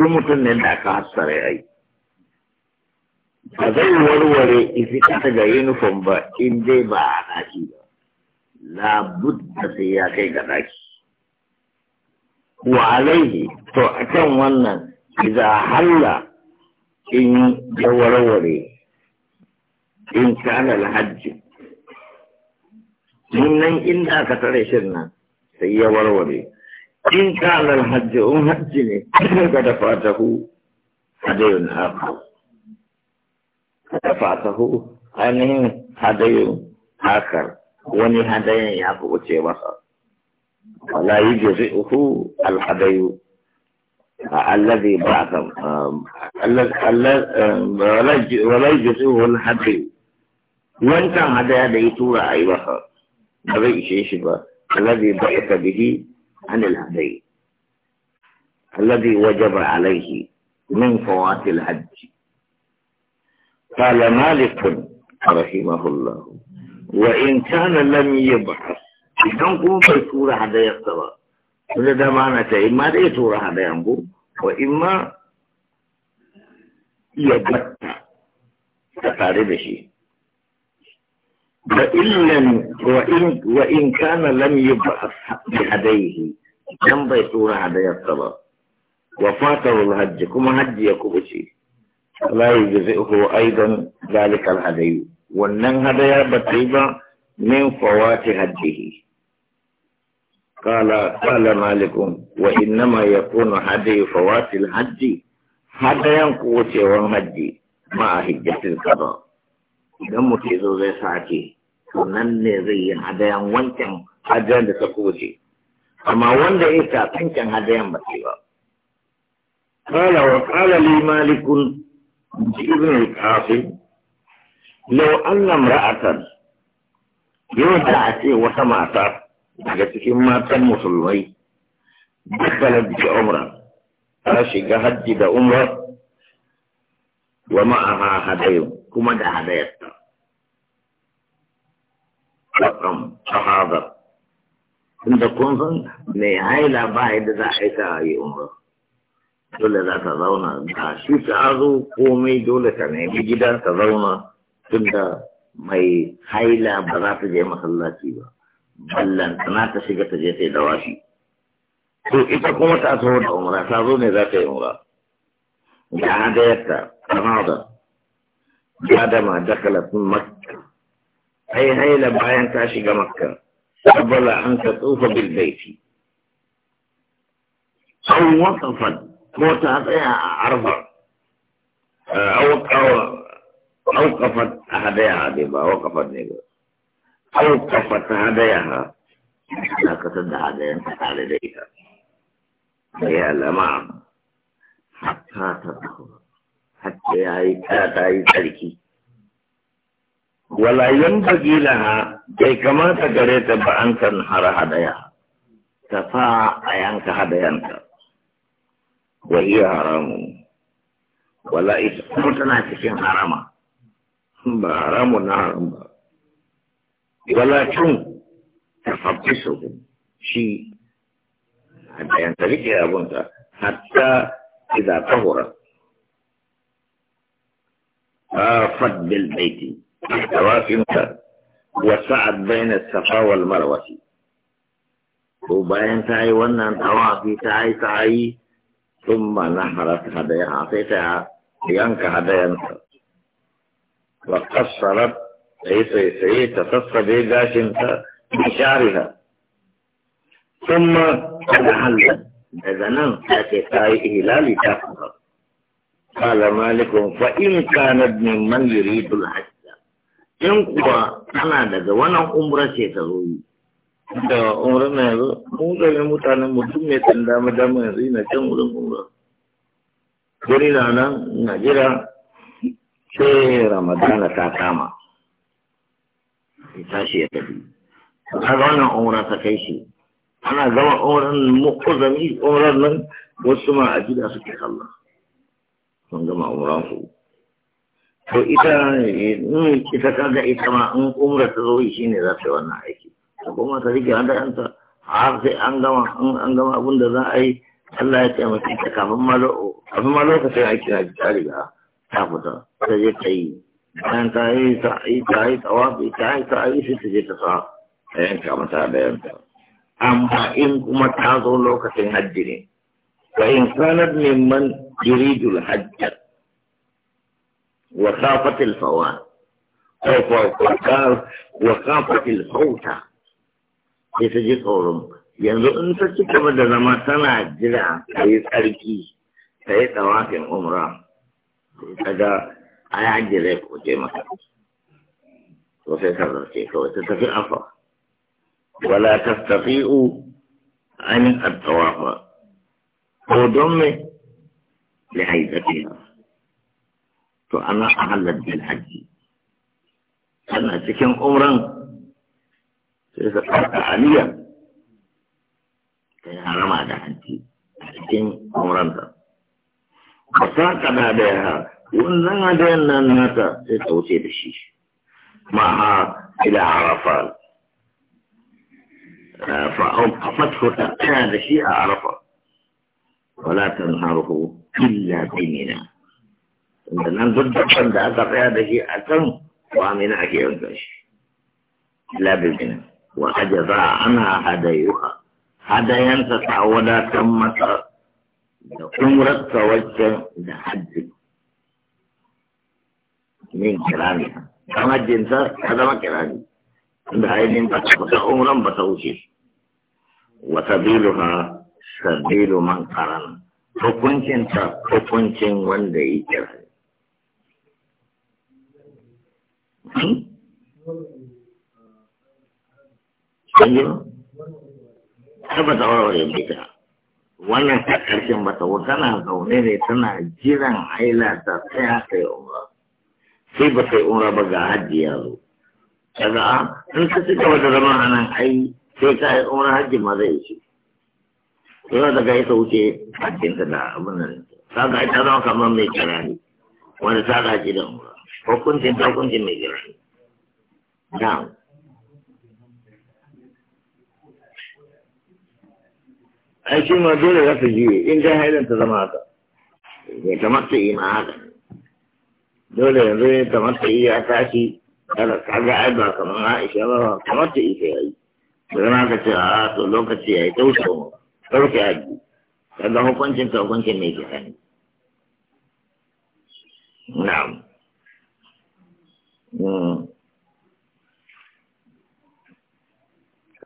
tun mutum ne da aka hassare ai ba zai warware ifita daga uniform ba in dai ba a ɗaki ba labudda sai ya kai ga ɗaki wa alaihi to a kan wannan iza halla in ya warware in kana alhajji nan inda aka tare shin nan sai ya warware in kana alhajj un hajji ne ka da fatahu hadayun haka da fatahu ainihin hadayun haka. wani hadayin ya fi wuce masa wala um, um, yi jiri uku alhadayu الذي بعث A يجزئه الهدي وانت هذا يدعي تورا اي بخر الذي بعث bihi. عن الهدي الذي وجب عليه من فوات الحج قال مالك رحمه الله وإن كان لم يبعث إذن قوم بسورة هذا يقتضى فلذا ما نتا إما سورة هذا ينبو وإما يبتع تقارب شيء وإن, وإن, وإن كان لم يبعث بهديه Idan bai tura hadayarsa ba wa fatar hajji kuma hajji ya kubuce. ce da zai ko aidan zalikal hadayu wannan hadaya ba ta yi ba min fawati hajji kala kala malikun wa innama ya kuna hadayu fawati hajji hadayan kuwa hajji ma a hijjatin ka ba idan mutum zo zai sake nan ne zai yi hadayan wancan hajjan da ta kuwa amma wanda ya kafin can hadayan ba ce ba qala wa qala li malikun ibn al-qasim law anna yau da a ce wata mata daga cikin matan musulmai dakkalar da umra ta shiga hajji da umra wa ma'aha hadayu kuma da hadayarta. ta shahadar, inda kun san mai haila ba yadda za a yi ta yi umra dole za ta zauna da shi ta zo komai dole ta nemi gida ta zauna tunda mai haila ba za ta je masallaci ba ballan tana ta shiga ta je ta yi dawashi to ita kuma ta zo da umra ta zo ne za ta yi umar ga hadayarta kama da ya dama dakalatun makka ai haila bayan ta shiga makka قبل أن تطوف بالبيت أو وقفا وتعطيها عرفة أو أوقفت هداياها ديبا أوقفت نيبا أوقفت هداياها لا قصد هدايا على لديها يا لمام حتى تدخل حتى يا تاركي wala yanbaghi laha bai kamata gare ta ba an kan har hadaya ta fa a yanka hadayanta wa iya haramu wala ita kuma tana cikin harama ba haramu na haram ba wala tun tafaffisu shi hadayanta rike abunta hatta idza tahura fad bil baiti وسعد وسعت بين الصفا والمروة وبين تعي ونن طوافي تعي تعي ثم نحرت هدايا عطيتها ينك هدايا وقصرت سي تقص تصفى انت بشعرها ثم تحلت بدنا تاتي هلال تفضل قال مالك فإن كانت ممن يريد الحج in kuwa tana daga wannan umra ce ta zo yi da umra na yanzu mu gani mutane mutum mai tsan dama dama yanzu ina can wurin umra guri na nan na jira sai ramadana ta kama ya shi ya tafi ta ga wannan umra ta kai shi ana gama umran mu'uzami umran nan wasu ma a gida suke kalla sun gama umran su to ita eh, ita kaga ita ma in umra ta zo shi ne za ta yi wannan aiki ta kuma ta rike an har sai an gama an gama abin da za a yi Allah ya taimake ta kafin ma kafin ma lokacin aiki na ta riga ta fita ta je ta yi bayan ta yi ta yi ta yi wafi ta yi ta yi sai ta je ta sa ta yanka mata da yanka amma in kuma ta zo lokacin hajji ne fa in sanar neman yuridul hajjar وخافت الفوات خوف وقال وخافت الفوت كيف جي قولهم ينظر يعني انت كتب دل ما تنع الجلع سيد أركي سيد أواك الأمرا هذا أي عندي ليك وجي مكة وسيطر ركيك وتتفي أفا ولا تستطيعوا عن التوافق ودمه لحيثتها to ana halal bil haji kana cikin umran sai ka fara aliya kai harama da haji cikin umran ba ta kada da ya wannan da nan nata sai ka wuce da shi ma ha ila arafa fa fa'afat huta tana da shi a arafa ولا تنهره إلا bi da nan duk dabban da aka tsaya da shi a kan wa amina ake yanka shi labibin wa ajaza ana hadayuha hadayanta ta wadatar masa da umrarsa waccan da hajji min kirani kan hajjinta ta zama kirani da ainihin ta ta umran ba ta wuce wa sabiluha sabilu man karana hukuncinta hukuncin wanda ya kirani Sanyo? Har ba ta warware bida. Wannan ta ƙarshen ba ta tana zaune ne tana jiran aila ta tsaya ta yi umra. Sai ba ta yi umra ba ga hajji ya zo. Daga a, ah, in ka ci gaba da zama a nan ai sai ka yi umra hajji ma zai ci. Yau daga ita wuce hajjinta da abin nan. ta, Kaga ita zama kamar mai karari. Wani ta gaji da umra hukuncin ta hukuncin mai jira na'am ai shi ma dole za ta juye in ga hailin ta zama haka bai kamata yi ma haka dole yanzu ne kamata yi ya tashi kada ka ga ai ba kamar Aisha ba kamar ta ita yayi sai na ka ce a to lokaci yayi tausa mu tausa aji Kada hukuncin ta hukuncin mai ke sani na'am hmm.